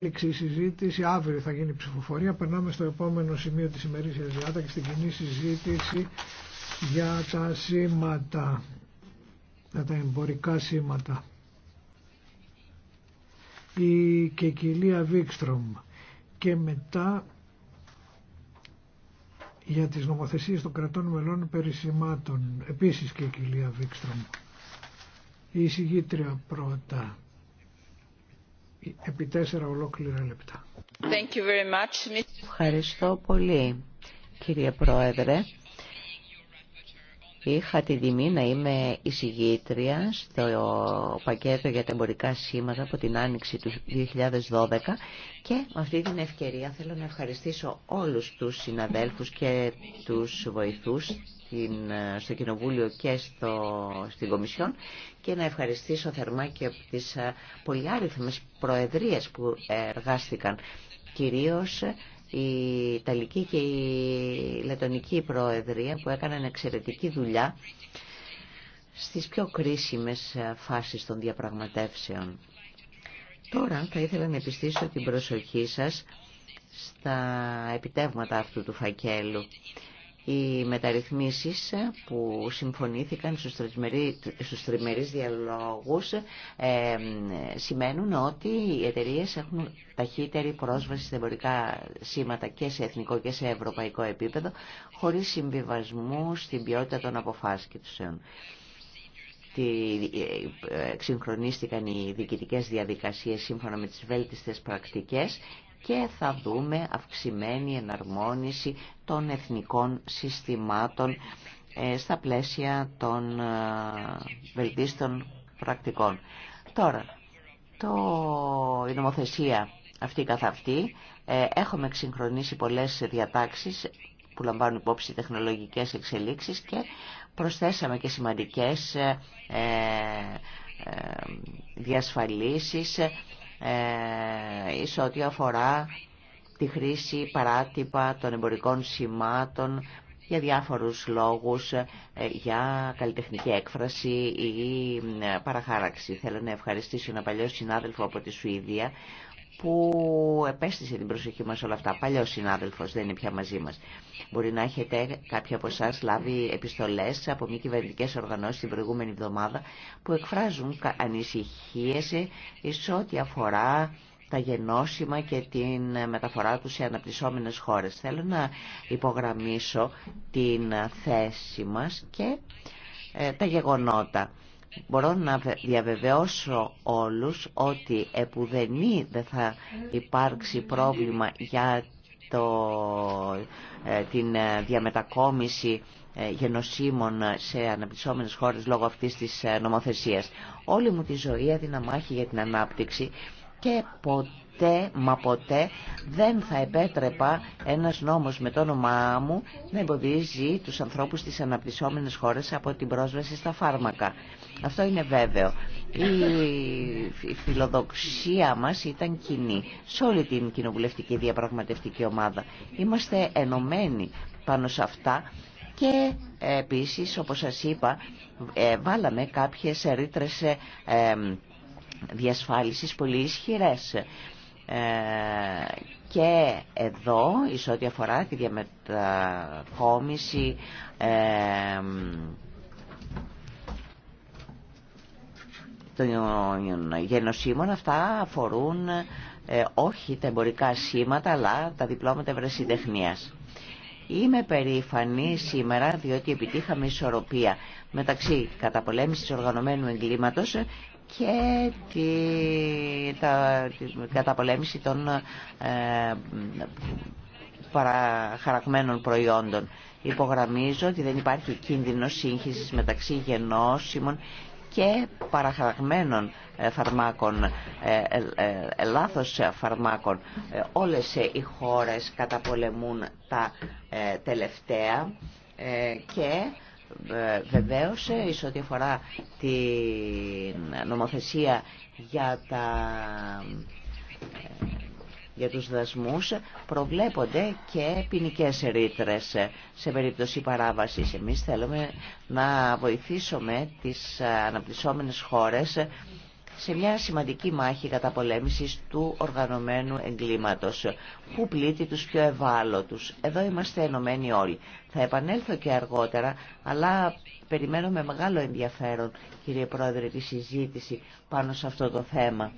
εξέλιξη η συζήτηση, αύριο θα γίνει ψηφοφορία. Περνάμε στο επόμενο σημείο της ημερήσιας διάταξης, στην κοινή συζήτηση για τα σήματα, για τα εμπορικά σήματα. Η Κεκυλία Βίξτρομ και μετά για τις νομοθεσίες των κρατών μελών περί σημάτων. Επίσης Κεκυλία Βίξτρομ. Η εισηγήτρια πρώτα επί τέσσερα ολόκληρα λεπτά. Ευχαριστώ πολύ κύριε Πρόεδρε. Είχα την τιμή να είμαι εισηγήτρια στο πακέτο για τα εμπορικά σήματα από την Άνοιξη του 2012 και με αυτή την ευκαιρία θέλω να ευχαριστήσω όλους τους συναδέλφους και τους βοηθούς στο Κοινοβούλιο και στο, στην Κομισιόν και να ευχαριστήσω θερμά και τις ε, πολυάριθμες προεδρίες που εργάστηκαν κυρίως η Ιταλική και η Λετωνική Πρόεδρια που έκαναν εξαιρετική δουλειά στις πιο κρίσιμες φάσεις των διαπραγματεύσεων. Τώρα θα ήθελα να επιστήσω την προσοχή σας στα επιτεύγματα αυτού του φακέλου. Οι μεταρρυθμίσεις που συμφωνήθηκαν στους, τριμερί, στους διαλόγους ε, σημαίνουν ότι οι εταιρείε έχουν ταχύτερη πρόσβαση σε εμπορικά σήματα και σε εθνικό και σε ευρωπαϊκό επίπεδο χωρίς συμβιβασμού στην ποιότητα των Τι Ξυγχρονίστηκαν οι διοικητικές διαδικασίες σύμφωνα με τις βέλτιστες πρακτικές και θα δούμε αυξημένη εναρμόνιση των εθνικών συστημάτων ε, στα πλαίσια των ε, βελτίστων πρακτικών. Τώρα, το, η νομοθεσία αυτή καθ' αυτή, ε, έχουμε εξυγχρονίσει πολλές διατάξεις που λαμβάνουν υπόψη τεχνολογικές εξελίξεις και προσθέσαμε και σημαντικές διασφαλίσεις ε, ό,τι αφορά τη χρήση παράτυπα των εμπορικών σημάτων για διάφορους λόγους, ε, για καλλιτεχνική έκφραση ή ε, παραχάραξη. Θέλω να ευχαριστήσω ένα παλιό συνάδελφο από τη Σουηδία, που επέστησε την προσοχή μας όλα αυτά. Παλιός συνάδελφος δεν είναι πια μαζί μας. Μπορεί να έχετε κάποιοι από εσά λάβει επιστολές από μη κυβερνητικέ οργανώσεις την προηγούμενη εβδομάδα που εκφράζουν ανησυχίες σε ό,τι αφορά τα γενώσιμα και την μεταφορά τους σε αναπτυσσόμενες χώρες. Θέλω να υπογραμμίσω την θέση μας και ε, τα γεγονότα. Μπορώ να διαβεβαιώσω όλους ότι επουδενή δεν θα υπάρξει πρόβλημα για το, ε, την ε, διαμετακόμιση ε, γενοσύμων σε αναπτυσσόμενες χώρες λόγω αυτής της νομοθεσίας. Όλη μου τη ζωή έδινα μάχη για την ανάπτυξη και ποτέ μα ποτέ δεν θα επέτρεπα ένας νόμος με το όνομά μου να εμποδίζει τους ανθρώπους στις αναπτυσσόμενες χώρες από την πρόσβαση στα φάρμακα. Αυτό είναι βέβαιο. Η φιλοδοξία μας ήταν κοινή σε όλη την κοινοβουλευτική διαπραγματευτική ομάδα. Είμαστε ενωμένοι πάνω σε αυτά και ε, επίσης, όπως σας είπα, ε, βάλαμε κάποιες ρήτρες ε, διασφάλισης πολύ ισχυρές. Και εδώ, εις ό,τι αφορά τη διαμετακόμιση των γενοσύμων αυτά αφορούν ε, όχι τα εμπορικά σήματα αλλά τα διπλώματα ευρεσιτεχνίας. Είμαι περήφανη σήμερα διότι επιτύχαμε ισορροπία μεταξύ καταπολέμησης οργανωμένου εγκλήματος και τη, τα, καταπολέμηση των ε, παραχαραγμένων προϊόντων. Υπογραμμίζω ότι δεν υπάρχει κίνδυνο σύγχυσης μεταξύ γενώσιμων και παραχαραγμένων ε, φαρμάκων, ε, ε, λάθος φαρμάκων. Όλες οι χώρες καταπολεμούν τα τελευταία και βεβαίως εις ό,τι αφορά την νομοθεσία για τα για τους δασμούς προβλέπονται και ποινικέ ρήτρε σε περίπτωση παράβασης. Εμείς θέλουμε να βοηθήσουμε τις αναπτυσσόμενες χώρες σε μια σημαντική μάχη πολέμησης του οργανωμένου εγκλήματος που πλήττει τους πιο ευάλωτους. Εδώ είμαστε ενωμένοι όλοι. Θα επανέλθω και αργότερα, αλλά περιμένω με μεγάλο ενδιαφέρον, κύριε Πρόεδρε, τη συζήτηση πάνω σε αυτό το θέμα.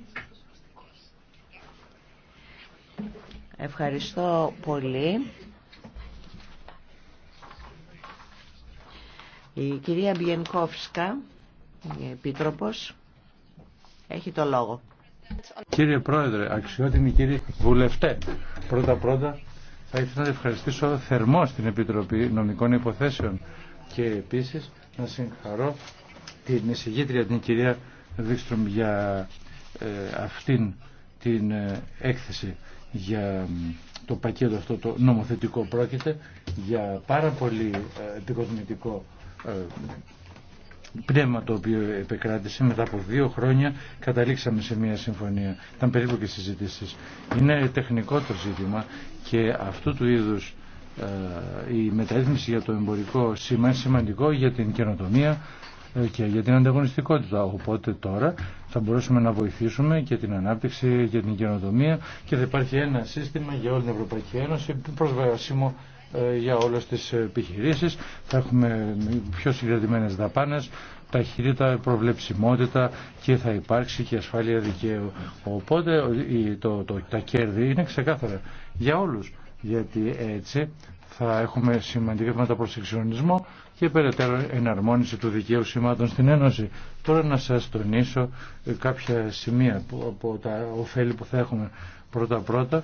Ευχαριστώ πολύ. Η κυρία Μπιενκόφσκα, η Επίτροπος, έχει το λόγο. Κύριε Πρόεδρε, αξιότιμοι κύριοι βουλευτέ, πρώτα-πρώτα θα ήθελα να ευχαριστήσω θερμό την Επιτροπή Νομικών Υποθέσεων και επίσης να συγχαρώ την εισηγήτρια την κυρία Δίξτρομ για ε, αυτήν την ε, έκθεση για το πακέτο αυτό το νομοθετικό πρόκειται για πάρα πολύ ε, επικοδομητικό ε, πνεύμα το οποίο επεκράτησε μετά από δύο χρόνια καταλήξαμε σε μια συμφωνία ήταν περίπου και συζητήσεις είναι τεχνικό το ζήτημα και αυτού του είδους ε, η μεταρρύθμιση για το εμπορικό σήμα είναι σημαντικό για την καινοτομία ε, και για την ανταγωνιστικότητα. Οπότε τώρα θα μπορέσουμε να βοηθήσουμε και την ανάπτυξη και την καινοτομία και θα υπάρχει ένα σύστημα για όλη την Ευρωπαϊκή Ένωση προσβασιμό ε, για όλες τις επιχειρήσεις. Θα έχουμε πιο συγκρατημένες δαπάνες, ταχύτητα, προβλεψιμότητα και θα υπάρξει και ασφάλεια δικαίου. Οπότε το, το, τα κέρδη είναι ξεκάθαρα για όλους, γιατί έτσι θα έχουμε σημαντικά προς και περαιτέρω εναρμόνιση του δικαίου σημάτων στην Ένωση. Τώρα να σας τονίσω ε, κάποια σημεία από τα ωφέλη που θα έχουμε πρώτα-πρώτα.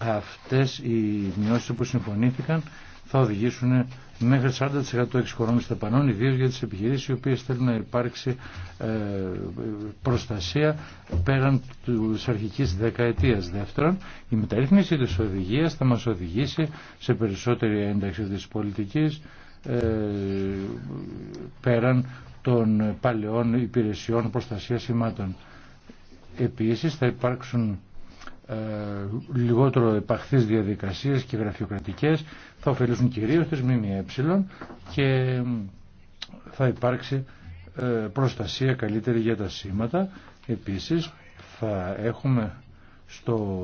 Αυτές οι μειώσεις που συμφωνήθηκαν θα οδηγήσουν μέχρι 40% εξοικονόμηση δαπανών, ιδίω για τι επιχειρήσει οι οποίε θέλουν να υπάρξει ε, προστασία πέραν τη αρχική δεκαετία. Δεύτερον, η μεταρρύθμιση τη οδηγία θα μα οδηγήσει σε περισσότερη ένταξη τη πολιτική ε, πέραν των παλαιών υπηρεσιών προστασία σημάτων. Επίσης θα υπάρξουν ε, λιγότερο επαχθείς διαδικασίες και γραφειοκρατικές, θα ωφελήσουν κυρίως τις ΜΜΕ και θα υπάρξει ε, προστασία καλύτερη για τα σήματα. Επίσης θα έχουμε στο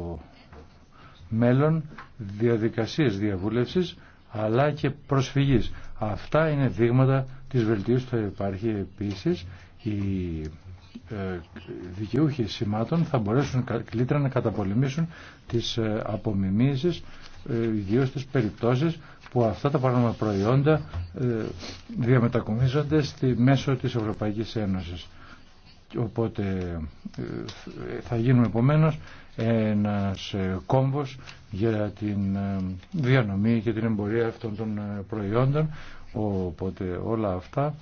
μέλλον διαδικασίες διαβούλευσης αλλά και προσφυγής. Αυτά είναι δείγματα της βελτίωσης που θα υπάρχει επίσης η ε, δικαιούχοι σημάτων θα μπορέσουν κλίτρα να καταπολεμήσουν τις ε, απομιμήσεις ε, ιδίω τις περιπτώσεις που αυτά τα παράνομα προϊόντα διαμετακομίζονται στη μέσω της Ευρωπαϊκής Ένωσης. Οπότε ε, θα γίνουμε επομένω ένας ε, κόμβος για την ε, διανομή και την εμπορία αυτών των προϊόντων. Οπότε όλα αυτά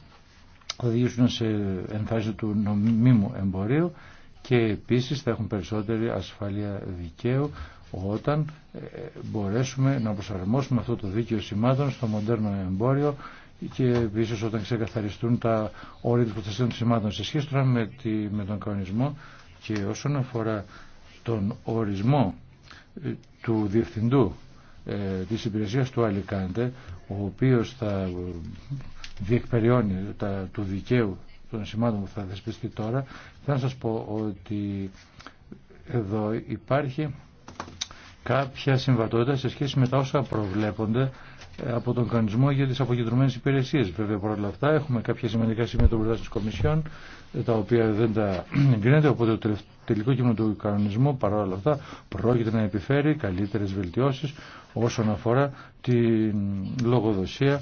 θα οδηγήσουν σε ενθάρρυνση του νομίμου εμπορίου και επίσης θα έχουν περισσότερη ασφάλεια δικαίου όταν μπορέσουμε να προσαρμόσουμε αυτό το δίκαιο σημάδων στο μοντέρνο εμπόριο και επίση όταν ξεκαθαριστούν τα όρια της προστασίας των σημάτων σε σχέση τώρα με, τη, με τον κανονισμό και όσον αφορά τον ορισμό ε, του διευθυντού ε, της υπηρεσίας του Αλικάντε ο οποίος θα ε, διεκπεριώνει τα, του δικαίου των σημάτων που θα δεσπιστεί τώρα θα σας πω ότι εδώ υπάρχει κάποια συμβατότητα σε σχέση με τα όσα προβλέπονται ε, από τον κανονισμό για τις αποκεντρωμένες υπηρεσίες. Βέβαια παρόλα αυτά έχουμε κάποια σημαντικά σημεία των προτάσεων Κομισιόν ε, τα οποία δεν τα εγκρίνεται οπότε το τελικό κείμενο του κανονισμού παρόλα αυτά πρόκειται να επιφέρει καλύτερες βελτιώσεις όσον αφορά τη λογοδοσία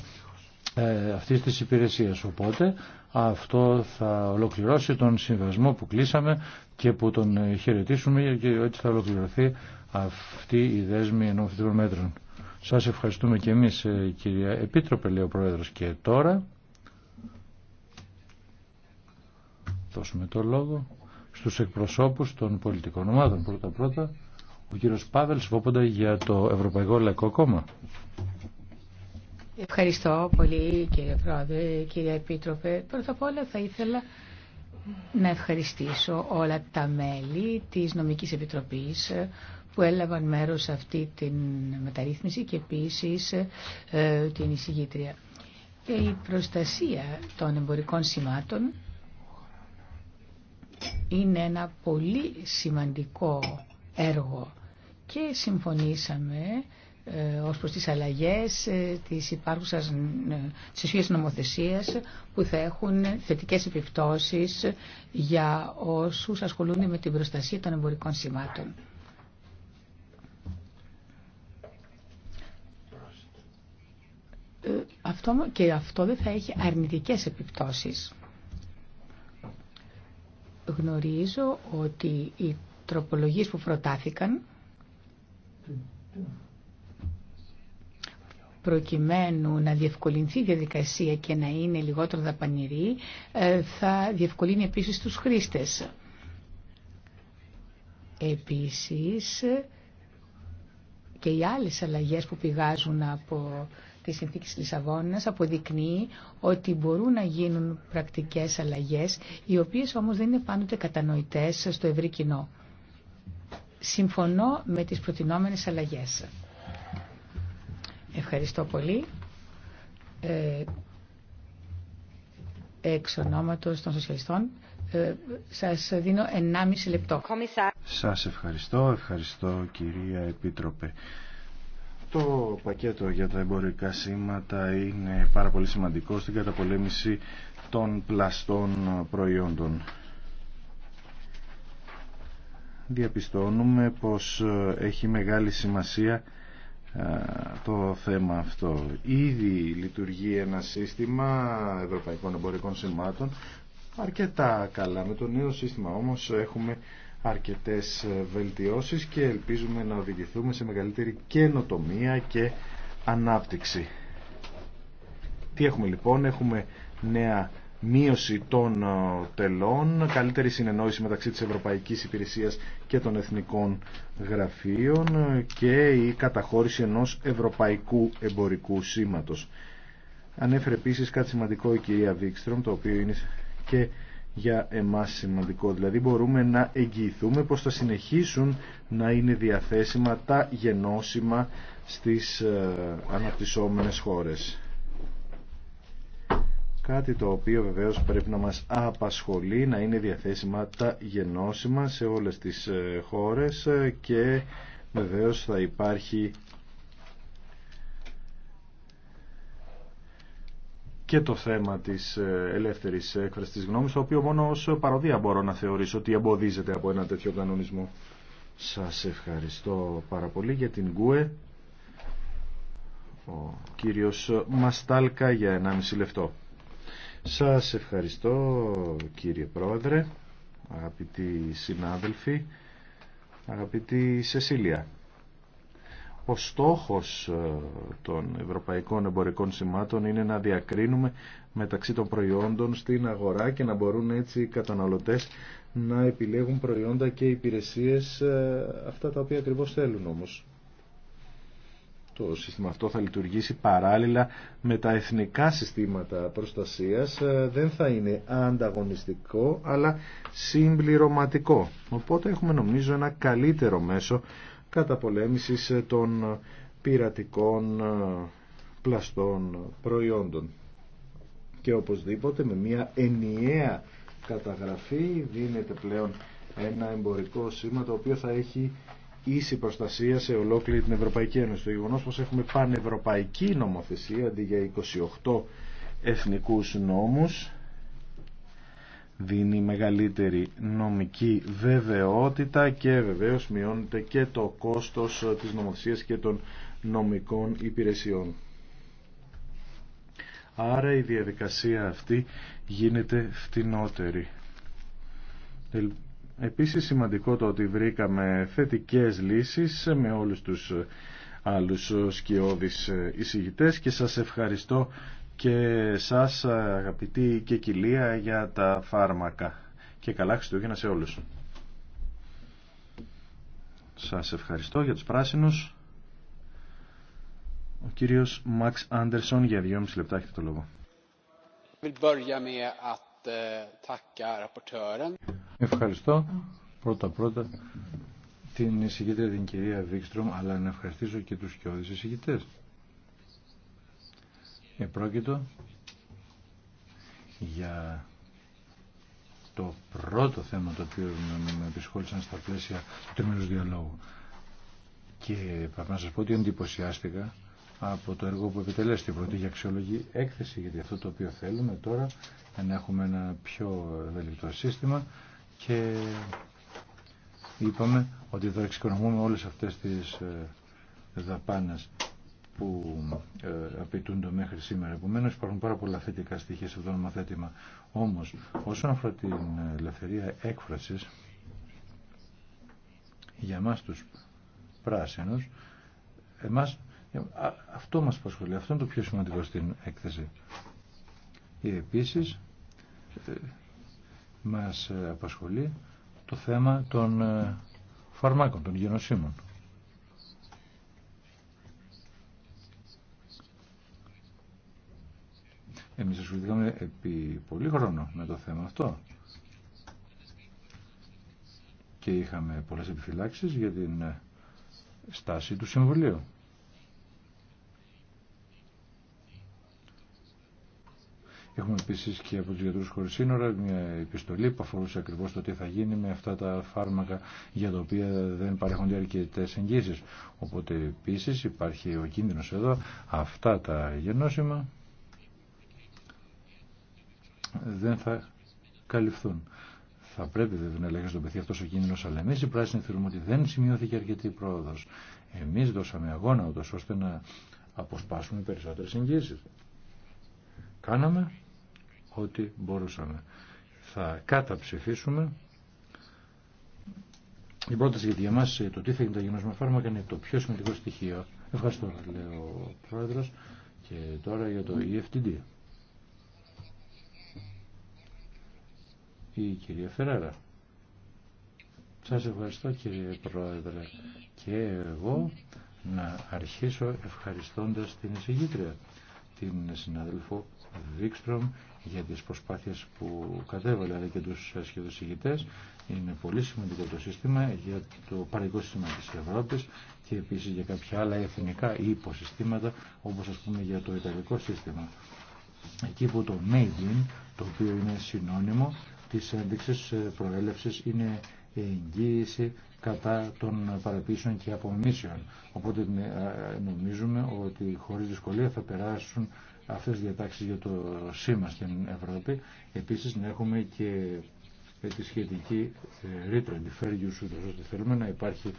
ε, αυτής της υπηρεσίας. Οπότε αυτό θα ολοκληρώσει τον συμβασμό που κλείσαμε και που τον χαιρετήσουμε και έτσι θα ολοκληρωθεί αυτή η δέσμη νομοθετικών μέτρων. Σας ευχαριστούμε και εμείς ε, κυρία Επίτροπε, λέει ο Πρόεδρος. Και τώρα δώσουμε το λόγο στους εκπροσώπους των πολιτικών ομάδων. Πρώτα-πρώτα ο κύριος Πάβελ Σβόποντα για το Ευρωπαϊκό Λαϊκό Κόμμα. Ευχαριστώ πολύ κύριε Πρόεδρε, κύριε Επίτροπε. Πρώτα απ' όλα θα ήθελα να ευχαριστήσω όλα τα μέλη της Νομικής Επιτροπής που έλαβαν μέρος σε αυτή την μεταρρύθμιση και επίσης ε, την εισηγήτρια. Και η προστασία των εμπορικών σημάτων είναι ένα πολύ σημαντικό έργο και συμφωνήσαμε ε, ως προς τις αλλαγές ε, της υπάρχουσας της ισχύας νομοθεσίας που θα έχουν θετικές επιπτώσεις για όσους ασχολούνται με την προστασία των εμπορικών σημάτων. Ε, αυτό, και αυτό δεν θα έχει αρνητικές επιπτώσεις. Γνωρίζω ότι οι τροπολογίες που προτάθηκαν προκειμένου να διευκολυνθεί η διαδικασία και να είναι λιγότερο δαπανηρή, ε, θα διευκολύνει επίσης τους χρήστες. Επίσης, και οι άλλες αλλαγές που πηγάζουν από της τη Λισαβόνα αποδεικνύει ότι μπορούν να γίνουν πρακτικές αλλαγέ, οι οποίες όμως δεν είναι πάντοτε κατανοητές στο ευρύ κοινό. Συμφωνώ με τις προτινόμενε αλλαγέ. Ευχαριστώ πολύ. Ε, εξ ονόματος των σοσιαλιστών, ε, σας δίνω 1,5 λεπτό. Σας ευχαριστώ, ευχαριστώ κυρία Επίτροπε. Το πακέτο για τα εμπορικά σήματα είναι πάρα πολύ σημαντικό στην καταπολέμηση των πλαστών προϊόντων. Διαπιστώνουμε πως ε, έχει μεγάλη σημασία ε, το θέμα αυτό. Ήδη λειτουργεί ένα σύστημα ευρωπαϊκών εμπορικών σημάτων αρκετά καλά. Με το νέο σύστημα όμως έχουμε αρκετές ε, βελτιώσεις και ελπίζουμε να οδηγηθούμε σε μεγαλύτερη καινοτομία και ανάπτυξη. Τι έχουμε λοιπόν, έχουμε νέα μείωση των ε, τελών, καλύτερη συνεννόηση μεταξύ της Ευρωπαϊκής Υπηρεσίας και των Εθνικών Γραφείων ε, και η καταχώρηση ενός Ευρωπαϊκού Εμπορικού Σήματος. Ανέφερε επίσης κάτι σημαντικό η κυρία Βίξτρομ, το οποίο είναι και για εμάς σημαντικό. Δηλαδή μπορούμε να εγγυηθούμε πως θα συνεχίσουν να είναι διαθέσιμα τα γενώσιμα στις ε, αναπτυσσόμενες χώρες. Κάτι το οποίο βεβαίως πρέπει να μας απασχολεί να είναι διαθέσιμα τα γενώσιμα σε όλες τις ε, χώρες ε, και βεβαίως θα υπάρχει και το θέμα της ε, ελεύθερης έκφρασης τη γνώμης, το οποίο μόνο ως παροδία μπορώ να θεωρήσω ότι εμποδίζεται από ένα τέτοιο κανονισμό. Σας ευχαριστώ πάρα πολύ για την ΚΟΕ. Ο κύριος Μαστάλκα για 1,5 λεπτό. Σας ευχαριστώ κύριε Πρόεδρε, αγαπητοί συνάδελφοι, αγαπητή Σεσίλια. Ο στόχος ε, των ευρωπαϊκών εμπορικών σημάτων είναι να διακρίνουμε μεταξύ των προϊόντων στην αγορά και να μπορούν έτσι οι καταναλωτές να επιλέγουν προϊόντα και υπηρεσίες ε, αυτά τα οποία ακριβώς θέλουν όμως. Το σύστημα αυτό θα λειτουργήσει παράλληλα με τα εθνικά συστήματα προστασίας. Ε, δεν θα είναι ανταγωνιστικό αλλά συμπληρωματικό. Οπότε έχουμε νομίζω ένα καλύτερο μέσο καταπολέμησης των πειρατικών ε, πλαστών προϊόντων. Και οπωσδήποτε με μια ενιαία καταγραφή δίνεται πλέον ένα εμπορικό σήμα το οποίο θα έχει ίση προστασία σε ολόκληρη την Ευρωπαϊκή Ένωση. Το γεγονό πως έχουμε πανευρωπαϊκή νομοθεσία αντί για 28 εθνικούς νόμους δίνει μεγαλύτερη νομική βεβαιότητα και βεβαίως μειώνεται και το κόστος της νομοθεσίας και των νομικών υπηρεσιών. Άρα η διαδικασία αυτή γίνεται φτηνότερη. Επίσης σημαντικό το ότι βρήκαμε θετικές λύσεις με όλους τους άλλους σκιώδεις εισηγητές και σας ευχαριστώ και σας αγαπητοί και κοιλία για τα φάρμακα και καλά Χριστούγεννα σε όλους. Σας ευχαριστώ για τους πράσινους. Ο κύριος Μαξ Άντερσον για 2,5 λεπτά έχετε το λόγο. Eh, ευχαριστώ πρώτα πρώτα την εισηγήτρια την κυρία Βίξτρομ αλλά να ευχαριστήσω και τους κοιόδης εισηγητές. Επρόκειτο για το πρώτο θέμα το οποίο με επισχόλησαν στα πλαίσια του τριμμένου διαλόγου. Και πρέπει να σα πω ότι εντυπωσιάστηκα από το έργο που επιτελέσει την πρώτη για αξιολογή έκθεση, γιατί αυτό το οποίο θέλουμε τώρα να έχουμε ένα πιο ευελικτό σύστημα και είπαμε ότι θα εξοικονομούμε όλες αυτές τις ε, δαπάνες που ε, απαιτούνται μέχρι σήμερα. Επομένω υπάρχουν πάρα πολλά θετικά στοιχεία σε αυτό το νομοθέτημα. Όμω, όσον αφορά την ελευθερία έκφραση, για εμά του πράσινου, εμάς, ε, αυτό μας απασχολεί. Αυτό είναι το πιο σημαντικό στην έκθεση. Επίσης, ε, μας απασχολεί το θέμα των φαρμάκων, των γενοσύμων. Εμείς ασχοληθήκαμε επί πολύ χρόνο με το θέμα αυτό και είχαμε πολλές επιφυλάξεις για την ε, στάση του Συμβουλίου. Έχουμε επίσης και από τους γιατρούς χωρί σύνορα μια επιστολή που αφορούσε ακριβώς το τι θα γίνει με αυτά τα φάρμακα για τα οποία δεν παρέχονται αρκετές εγγύσει. Οπότε επίση υπάρχει ο κίνδυνο εδώ αυτά τα γενώσιμα δεν θα καλυφθούν. Θα πρέπει βέβαια να ελέγχει στον παιδί αυτό ο κίνδυνο, αλλά εμεί οι πράσινοι θεωρούμε ότι δεν σημειώθηκε αρκετή πρόοδο. Εμεί δώσαμε αγώνα ούτω ώστε να αποσπάσουμε περισσότερε εγγύσει. Κάναμε ό,τι μπορούσαμε. Θα καταψηφίσουμε. Η πρόταση γιατί για εμά το τι θα γίνει τα γυμνασμένα φάρμακα είναι το πιο σημαντικό στοιχείο. Ευχαριστώ, λέει ο Πρόεδρο. Και τώρα για το EFTD. η κυρία Φεράρα. Σας ευχαριστώ κύριε Πρόεδρε και εγώ να αρχίσω ευχαριστώντας την εισηγήτρια, την συνάδελφο Βίξτρομ για τις προσπάθειες που κατέβαλε αλλά και τους σχεδόν ηγητές. Είναι πολύ σημαντικό το σύστημα για το παρικό σύστημα της Ευρώπης και επίσης για κάποια άλλα εθνικά ή υποσυστήματα όπως ας πούμε για το Ιταλικό σύστημα. Εκεί που το made το οποίο είναι συνώνυμο της ένδειξης ε, προέλευσης είναι εγγύηση κατά των παραπίσεων και απομίσεων. Οπότε ε, νομίζουμε ότι χωρίς δυσκολία θα περάσουν αυτές οι διατάξεις για το σήμα στην Ευρώπη. Επίσης να έχουμε και τη σχετική ε, ρήτρα, τη φέργιου σου, ώστε θέλουμε να υπάρχει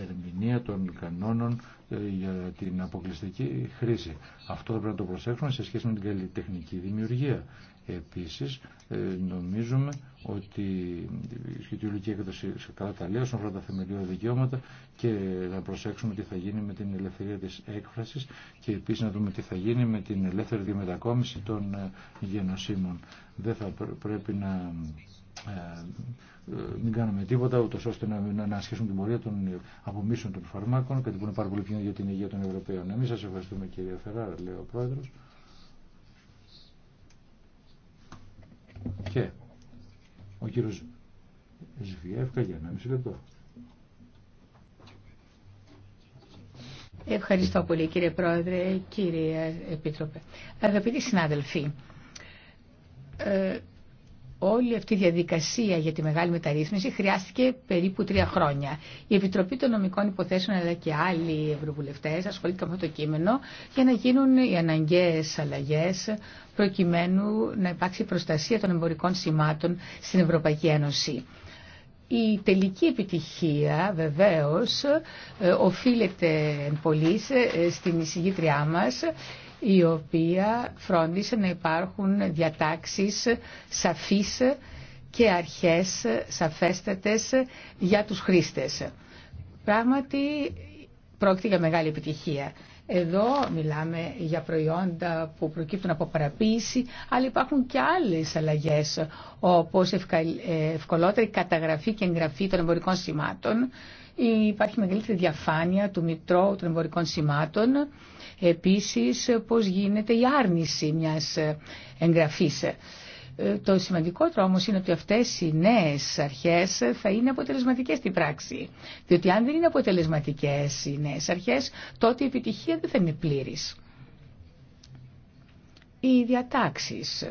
ερμηνεία των κανόνων ε, για την αποκλειστική χρήση. Αυτό πρέπει να το προσέξουμε σε σχέση με την καλλιτεχνική δημιουργία. Επίσης, ε, νομίζουμε ότι η σχετιολογική έκδοση σε καλά τα λέω τα θεμελιώδη δικαιώματα και να προσέξουμε τι θα γίνει με την ελευθερία της έκφρασης και επίσης να δούμε τι θα γίνει με την ελεύθερη διαμετακόμιση των ε, γενοσύμων. Δεν θα πρέπει να ε, μην κάνουμε τίποτα, ούτως ώστε να, να, να την πορεία των απομίσεων των φαρμάκων, κάτι που είναι πάρα πολύ πιο για την υγεία των Ευρωπαίων. Εμείς σας ευχαριστούμε, κύριε Φεράρα, λέει ο πρόεδρο. Και ο κύριος Σβιέφκα για ένα μισή λεπτό. Ευχαριστώ πολύ κύριε Πρόεδρε, κύριε Επίτροπε. Αγαπητοί συνάδελφοι, ε, όλη αυτή η διαδικασία για τη μεγάλη μεταρρύθμιση χρειάστηκε περίπου τρία χρόνια. Η Επιτροπή των Νομικών Υποθέσεων αλλά και άλλοι ευρωβουλευτές ασχολήθηκαν με αυτό το κείμενο για να γίνουν οι αναγκαίε αλλαγέ προκειμένου να υπάρξει προστασία των εμπορικών σημάτων στην Ευρωπαϊκή Ένωση. Η τελική επιτυχία βεβαίως ε, οφείλεται πολύ ε, στην εισηγήτριά μας η οποία φρόντισε να υπάρχουν διατάξεις σαφείς και αρχές σαφέστατες για τους χρήστες. Πράγματι πρόκειται για μεγάλη επιτυχία. Εδώ μιλάμε για προϊόντα που προκύπτουν από παραποίηση, αλλά υπάρχουν και άλλες αλλαγές, όπως ε, ευκολότερη καταγραφή και εγγραφή των εμπορικών σημάτων, υπάρχει μεγαλύτερη διαφάνεια του Μητρώου των Εμπορικών Σημάτων, Επίσης πώς γίνεται η άρνηση μιας εγγραφής. Ε, το σημαντικότερο όμως είναι ότι αυτές οι νέες αρχές θα είναι αποτελεσματικές στην πράξη. Διότι αν δεν είναι αποτελεσματικές οι νέες αρχές, τότε η επιτυχία δεν θα είναι πλήρης. Οι διατάξεις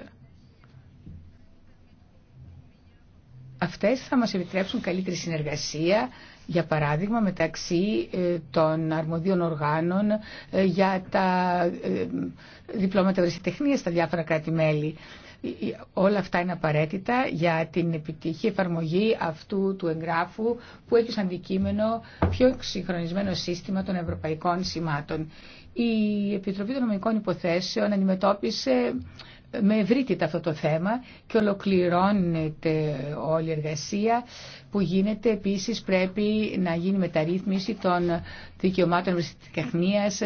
αυτές θα μας επιτρέψουν καλύτερη συνεργασία, για παράδειγμα μεταξύ ε, των αρμοδίων οργάνων ε, για τα ε, διπλώματα βρεσιτεχνίας στα διάφορα κράτη-μέλη. Όλα αυτά είναι απαραίτητα για την επιτυχή εφαρμογή αυτού του εγγράφου που έχει ως αντικείμενο πιο συγχρονισμένο σύστημα των ευρωπαϊκών σημάτων. Η Επιτροπή των Νομικών Υποθέσεων αντιμετώπισε με ευρύτητα αυτό το θέμα και ολοκληρώνεται όλη η εργασία που γίνεται. Επίσης πρέπει να γίνει μεταρρύθμιση των δικαιωμάτων τεχνίας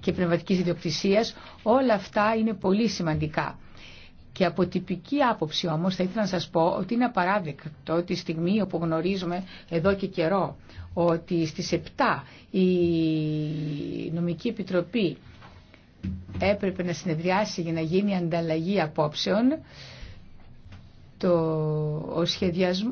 και πνευματικής ιδιοκτησίας. Όλα αυτά είναι πολύ σημαντικά. Και από τυπική άποψη όμως θα ήθελα να σας πω ότι είναι απαράδεκτο τη στιγμή όπου γνωρίζουμε εδώ και καιρό ότι στις 7 η Νομική Επιτροπή έπρεπε να συνεδριάσει για να γίνει ανταλλαγή απόψεων το, ο, σχεδιασμ,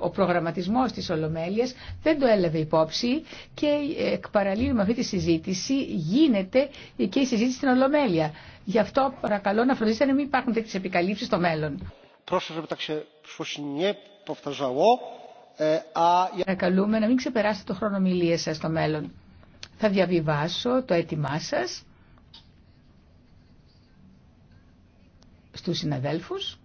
ο προγραμματισμός της Ολομέλειας δεν το έλαβε υπόψη και ε, εκ παραλίλου με αυτή τη συζήτηση γίνεται και η συζήτηση στην Ολομέλεια. Γι' αυτό παρακαλώ να φροντίσετε να μην υπάρχουν τέτοιες επικαλύψεις στο μέλλον. E, Παρακαλούμε να μην ξεπεράσετε το χρόνο μιλίας σας στο μέλλον. Θα διαβιβάσω το έτοιμά σας στους συναδέλφους.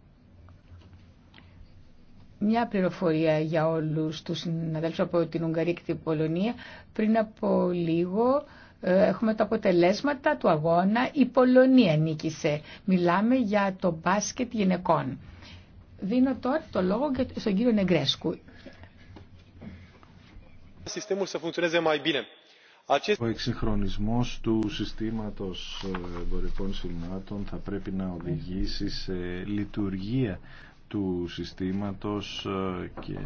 Μια πληροφορία για όλους τους συναδέλφους από την Ουγγαρία και την Πολωνία. Πριν από λίγο ε, έχουμε τα αποτελέσματα του αγώνα. Η Πολωνία νίκησε. Μιλάμε για το μπάσκετ γυναικών. Δίνω τώρα το λόγο στον κύριο Νεγκρέσκου. Ο εξυγχρονισμός του συστήματος ε, εμπορικών συμμάτων θα πρέπει να οδηγήσει σε λειτουργία του συστήματος ε, και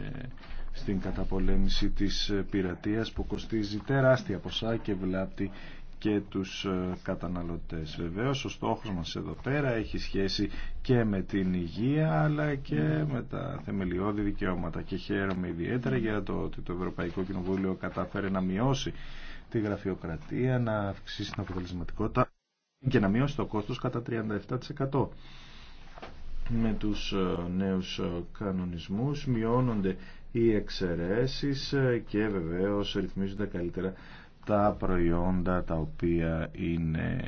στην καταπολέμηση της ε, πειρατείας που κοστίζει τεράστια ποσά και βλάπτει και τους καταναλωτές. Βεβαίως ο στόχος μας εδώ πέρα έχει σχέση και με την υγεία αλλά και με τα θεμελιώδη δικαιώματα και χαίρομαι ιδιαίτερα για το ότι το Ευρωπαϊκό Κοινοβούλιο κατάφερε να μειώσει τη γραφειοκρατία, να αυξήσει την αποτελεσματικότητα και να μειώσει το κόστος κατά 37%. Με τους ε, νέους ε, κανονισμούς μειώνονται οι εξαιρέσεις ε, και βεβαίως ρυθμίζονται καλύτερα τα προϊόντα τα οποία είναι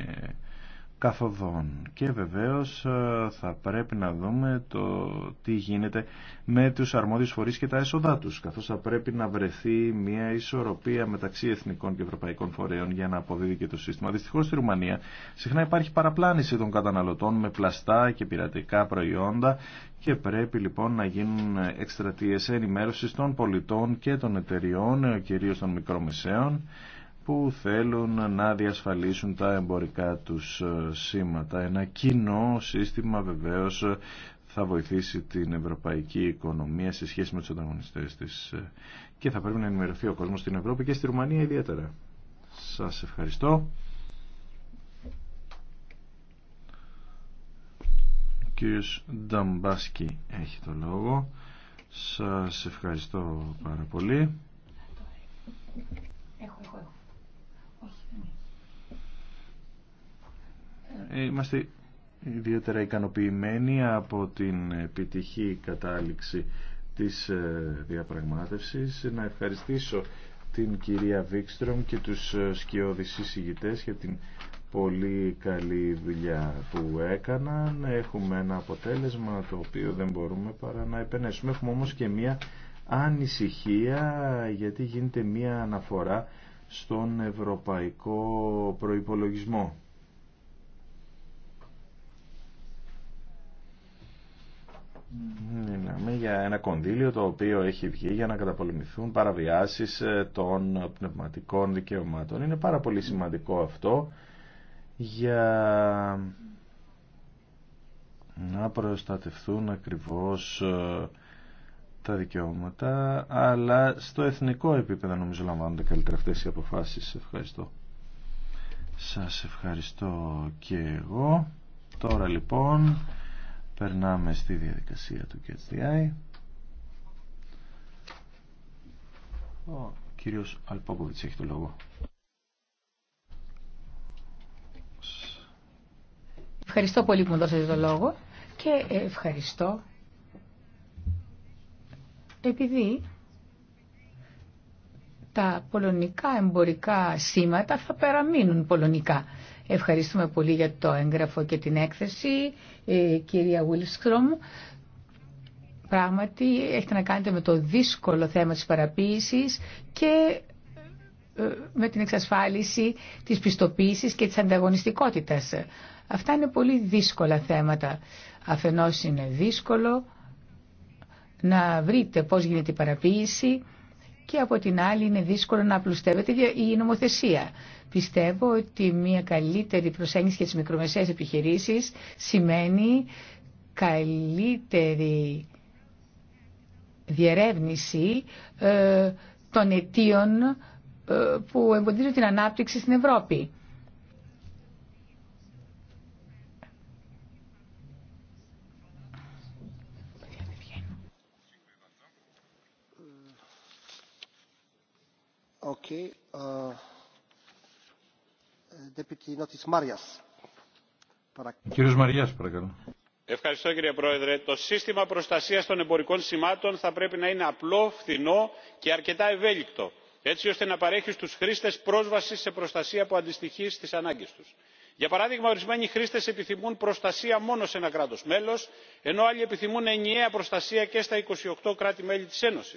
καθοδόν. Και βεβαίως ε, θα πρέπει να δούμε το τι γίνεται με τους αρμόδιους φορείς και τα έσοδά τους, καθώς θα πρέπει να βρεθεί μια ισορροπία μεταξύ εθνικών και ευρωπαϊκών φορέων για να αποδίδει και το σύστημα. Δυστυχώς στη Ρουμανία συχνά υπάρχει παραπλάνηση των καταναλωτών με πλαστά και πειρατικά προϊόντα και πρέπει λοιπόν να γίνουν εκστρατείες ενημέρωσης των πολιτών και των εταιριών, ε, κυρίως των μικρομεσαίων, που θέλουν να διασφαλίσουν τα εμπορικά τους ε, σήματα. Ένα κοινό σύστημα βεβαίως ε, θα βοηθήσει την ευρωπαϊκή οικονομία σε σχέση με τους ανταγωνιστές της ε, και θα πρέπει να ενημερωθεί ο κόσμος στην Ευρώπη και στη Ρουμανία ιδιαίτερα. Σας ευχαριστώ. Ο κύριος Νταμπάσκι έχει το λόγο. Σας ευχαριστώ πάρα πολύ. Έχω, έχω, έχω. Είμαστε ιδιαίτερα ικανοποιημένοι από την επιτυχή κατάληξη της ε, διαπραγμάτευσης. Να ευχαριστήσω την κυρία Βίξτρομ και τους ε, σκιώδεις εισηγητές για την πολύ καλή δουλειά που έκαναν. Έχουμε ένα αποτέλεσμα το οποίο δεν μπορούμε παρά να επενέσουμε. Έχουμε όμως και μία ανησυχία γιατί γίνεται μία αναφορά στον ευρωπαϊκό προϋπολογισμό. Μιλάμε για ένα κονδύλιο το οποίο έχει βγει για να καταπολεμηθούν παραβιάσεις ε, των πνευματικών δικαιωμάτων. Είναι πάρα πολύ σημαντικό αυτό για να προστατευθούν ακριβώς ε, τα δικαιώματα, αλλά στο εθνικό επίπεδο νομίζω λαμβάνονται καλύτερα αυτές οι αποφάσεις. Ευχαριστώ. Σας ευχαριστώ και εγώ. Τώρα λοιπόν... Περνάμε στη διαδικασία του KSDI. Ο κύριος Αλπόποβιτς έχει το λόγο. Ευχαριστώ πολύ που μου δώσατε το λόγο και ευχαριστώ επειδή τα πολωνικά εμπορικά σήματα θα παραμείνουν πολωνικά. Ευχαριστούμε πολύ για το έγγραφο και την έκθεση, ε, κυρία Βουλσκρόμ. Πράγματι, έχετε να κάνετε με το δύσκολο θέμα της παραποίησης και ε, με την εξασφάλιση της πιστοποίησης και της ανταγωνιστικότητας. Αυτά είναι πολύ δύσκολα θέματα. Αφενός είναι δύσκολο να βρείτε πώς γίνεται η παραποίηση και από την άλλη είναι δύσκολο να απλουστεύεται η νομοθεσία. Πιστεύω ότι μια καλύτερη προσέγγιση για τις μικρομεσαίες επιχειρήσεις σημαίνει καλύτερη διερεύνηση ε, των αιτίων ε, που εμποδίζουν την ανάπτυξη στην Ευρώπη. Okay. Uh, Ευχαριστώ κύριε Πρόεδρε. Το σύστημα προστασίας των εμπορικών σημάτων θα πρέπει να είναι απλό, φθηνό και αρκετά ευέλικτο, έτσι ώστε να παρέχει στους χρήστες πρόσβαση σε προστασία που αντιστοιχεί στις ανάγκες τους. Για παράδειγμα, ορισμένοι χρήστε επιθυμούν προστασία μόνο σε ένα κράτο μέλο, ενώ άλλοι επιθυμούν ενιαία προστασία και στα 28 κράτη-μέλη τη Ένωση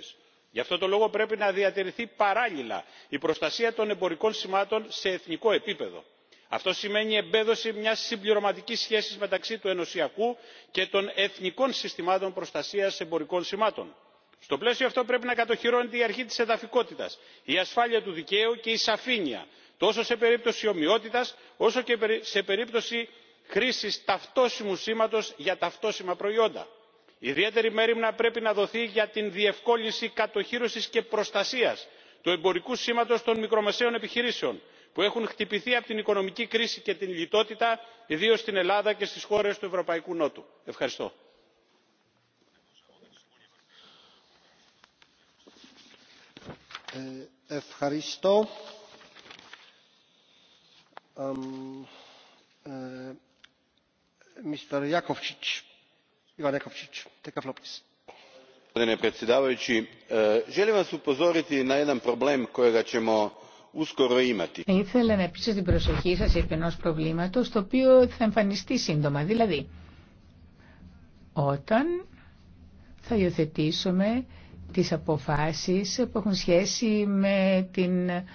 γι' αυτό το λόγο πρέπει να διατηρηθεί παράλληλα η προστασία των εμπορικών σημάτων σε εθνικό επίπεδο. αυτό σημαίνει εμπέδωση μιας συμπληρωματικής σχέσης μεταξύ του ενωσιακού και των εθνικών συστημάτων προστασίας εμπορικών σημάτων. στο πλαίσιο αυτό πρέπει να κατοχυρώνεται η αρχή της εδαφικότητας η ασφάλεια του δικαίου και η σαφήνεια τόσο σε περίπτωση ομοιότητας όσο και σε περίπτωση χρήσης ταυτόσιμου σήματος για ταυτόσιμα προϊόντα ιδιαίτερη μέρημνα πρέπει να δοθεί για την διευκόλυνση κατοχύρωσης και προστασίας του εμπορικού σήματος των μικρομεσαίων επιχειρήσεων που έχουν χτυπηθεί από την οικονομική κρίση και την λιτότητα ιδίως στην ελλάδα και στις χώρες του ευρωπαϊκού νότου. ευχαριστώ. Ε, ευχαριστώ. Ε, gospodine predsjedavajući e, želim vas upozoriti na jedan problem kojega ćemo uskoro imati. θα ήθελα να επιστήσω την προσοχή σας επί ενός προβλήματος το οποίο θα εμφανιστεί σύντομα. Δηλαδή, όταν θα υιοθετήσουμε τις αποφάσεις που έχουν σχέση με την ε,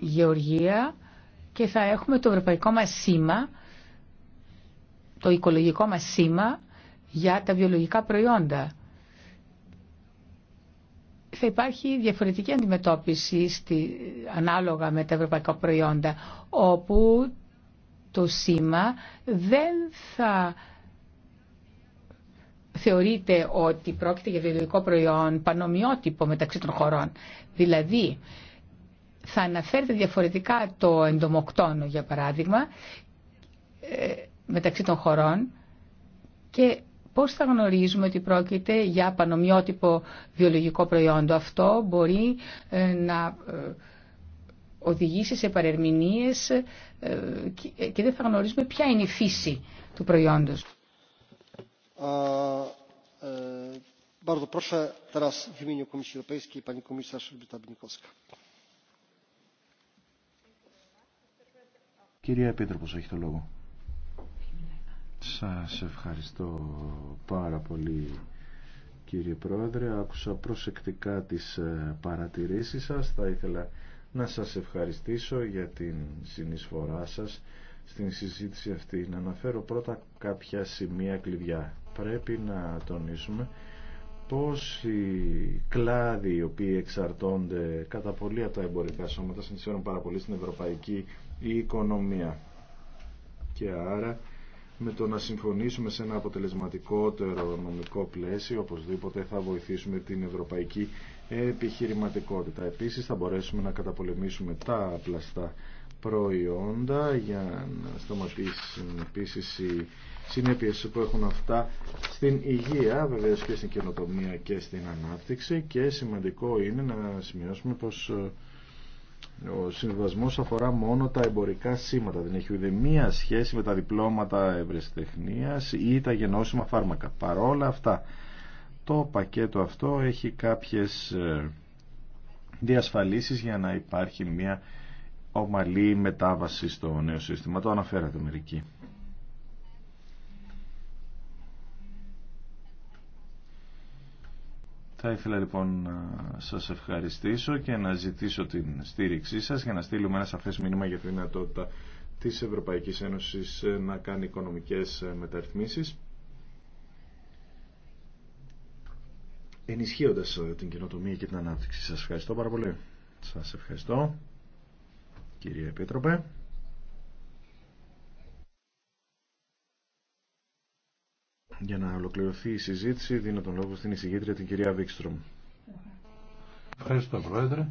γεωργία και θα έχουμε το ευρωπαϊκό μας σήμα το οικολογικό μας σήμα για τα βιολογικά προϊόντα. Θα υπάρχει διαφορετική αντιμετώπιση στη, ανάλογα με τα ευρωπαϊκά προϊόντα, όπου το σήμα δεν θα θεωρείται ότι πρόκειται για βιολογικό προϊόν πανομοιότυπο μεταξύ των χωρών. Δηλαδή, θα αναφέρεται διαφορετικά το εντομοκτόνο, για παράδειγμα, ε, μεταξύ των χωρών και πώς θα γνωρίζουμε ότι πρόκειται για πανομοιότυπο βιολογικό προϊόντο. Αυτό μπορεί ε, να ε, οδηγήσει σε παρερμηνίες ε, και δεν θα γνωρίζουμε ποια είναι η φύση του προϊόντος. Κυρία Επίτροπος, έχει το λόγο. Σας ευχαριστώ πάρα πολύ κύριε Πρόεδρε. Άκουσα προσεκτικά τις ε, παρατηρήσεις σας. Θα ήθελα να σας ευχαριστήσω για την συνεισφορά σας στην συζήτηση αυτή. Να αναφέρω πρώτα κάποια σημεία κλειδιά. Πρέπει να τονίσουμε πως οι κλάδοι οι οποίοι εξαρτώνται κατά πολύ από τα εμπορικά σώματα συνεισφέρουν πάρα πολύ στην ευρωπαϊκή οικονομία. Και άρα με το να συμφωνήσουμε σε ένα αποτελεσματικότερο νομικό πλαίσιο, οπωσδήποτε θα βοηθήσουμε την ευρωπαϊκή επιχειρηματικότητα. Επίσης θα μπορέσουμε να καταπολεμήσουμε τα πλαστά προϊόντα για να σταματήσουν επίσης οι συνέπειες που έχουν αυτά στην υγεία, βέβαια και στην καινοτομία και στην ανάπτυξη και σημαντικό είναι να σημειώσουμε πως ε, ο συμβιβασμός αφορά μόνο τα εμπορικά σήματα. Δεν έχει ούτε μία σχέση με τα διπλώματα ευρεσιτεχνίας ή τα γενώσιμα φάρμακα. Παρόλα αυτά, το πακέτο αυτό έχει κάποιες ε, διασφαλίσεις για να υπάρχει μία ομαλή μετάβαση στο νέο σύστημα. Το αναφέρατε μερικοί. Θα ήθελα λοιπόν να σας ευχαριστήσω και να ζητήσω την στήριξή σας για να στείλουμε ένα σαφές μήνυμα για τη δυνατότητα της Ευρωπαϊκής Ένωσης ε, να κάνει οικονομικές ε, μεταρρυθμίσεις. Ενισχύοντας ε, την κοινοτομία και την ανάπτυξη. Σας ευχαριστώ πάρα πολύ. Σας ευχαριστώ. Κύριε Επίτροπε. Για να ολοκληρωθεί η συζήτηση, δίνω τον λόγο στην εισηγήτρια την κυρία Βίξτρομ. Ευχαριστώ, Πρόεδρε.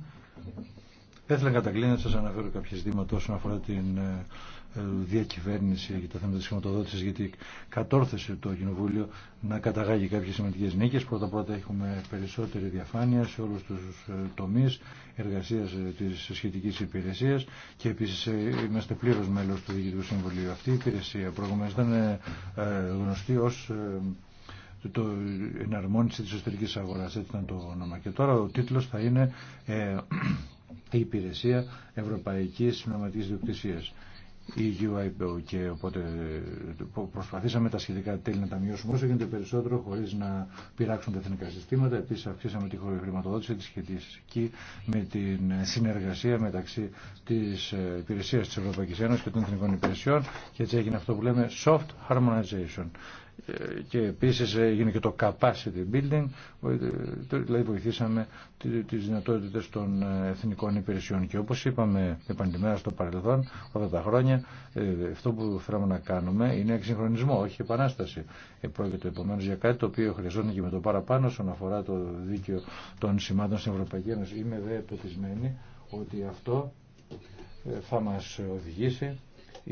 Θα ήθελα να σας αναφέρω κάποια ζητήματα όσον αφορά την ε, ε, διακυβέρνηση για τα θέματα τη χρηματοδότηση, γιατί κατόρθωσε το Κοινοβούλιο να καταγαγει κάποιε σημαντικέ νίκε. νίκες. Πρώτα-πρώτα έχουμε περισσότερη διαφάνεια σε όλου του ε, τομεί εργασία ε, τη σχετική υπηρεσία. και επίση είμαστε πλήρω μέλο του Διοικητικού Συμβουλίου. Αυτή η υπηρεσία προηγουμένω ήταν γνωστή ω το εναρμόνιση της εσωτερικής αγοράς, έτσι ήταν το όνομα. Και τώρα ο τίτλος θα είναι ε, η Υπηρεσία Ευρωπαϊκής Συνωματικής Διοκτησίας. EU και οπότε ε, προσπαθήσαμε τα σχετικά τέλη να τα μειώσουμε όσο γίνεται περισσότερο χωρίς να πειράξουν τα εθνικά συστήματα. Επίσης αυξήσαμε τη χρηματοδότηση τη σχετική με την συνεργασία μεταξύ της ε, υπηρεσία της Ευρωπαϊκής Ένωσης και των εθνικών υπηρεσιών και έτσι έγινε αυτό που λέμε soft harmonization και επίσης έγινε και το capacity building, δηλαδή βοηθήσαμε τις δυνατότητες των ε, εθνικών υπηρεσιών. Και όπως είπαμε επανειλημμένα στο παρελθόν, όλα τα χρόνια, ε, αυτό που θέλαμε να κάνουμε είναι εξυγχρονισμό, όχι επανάσταση. Ε, πρόκειται επομένως για κάτι το οποίο χρειαζόταν και με το παραπάνω όσον αφορά το δίκαιο των σημάτων στην Ευρωπαϊκή Ένωση. Είμαι δε ότι αυτό θα μας οδηγήσει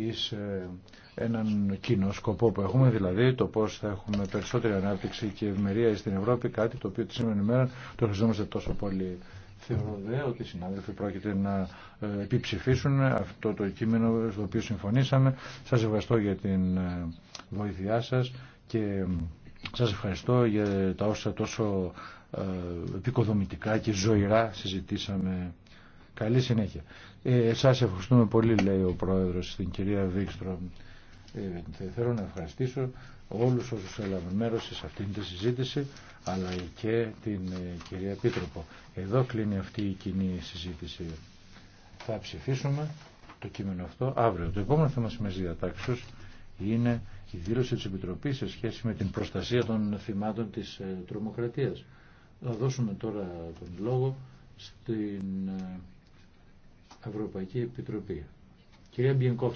εις ε, έναν κοινό σκοπό που έχουμε, δηλαδή το πώς θα έχουμε περισσότερη ανάπτυξη και ευημερία στην Ευρώπη, κάτι το οποίο τη σήμερα ημέρα το χρειαζόμαστε τόσο πολύ. Θεωρώ δε ότι οι συνάδελφοι πρόκειται να ε, επιψηφίσουν αυτό το κείμενο στο οποίο συμφωνήσαμε. Σας ευχαριστώ για την ε, βοήθειά σας και σας ευχαριστώ για τα όσα τόσο επικοδομητικά και ζωηρά συζητήσαμε. Καλή συνέχεια. Ε, σας ευχαριστούμε πολύ, λέει ο Πρόεδρος, την κυρία Βίξτρομ. Ε, θέλω να ευχαριστήσω όλους όσους έλαβαν μέρος σε αυτήν τη συζήτηση, αλλά και την ε, κυρία Πίτροπο. Εδώ κλείνει αυτή η κοινή συζήτηση. Θα ψηφίσουμε το κείμενο αυτό αύριο. Το επόμενο θέμα τη διατάξεως είναι η δήλωση της Επιτροπής σε σχέση με την προστασία των θυμάτων της ε, τρομοκρατίας. Θα δώσουμε τώρα τον λόγο στην ε, Ευρωπαϊκή Επιτροπή. Κυρία Μπιενκόφ,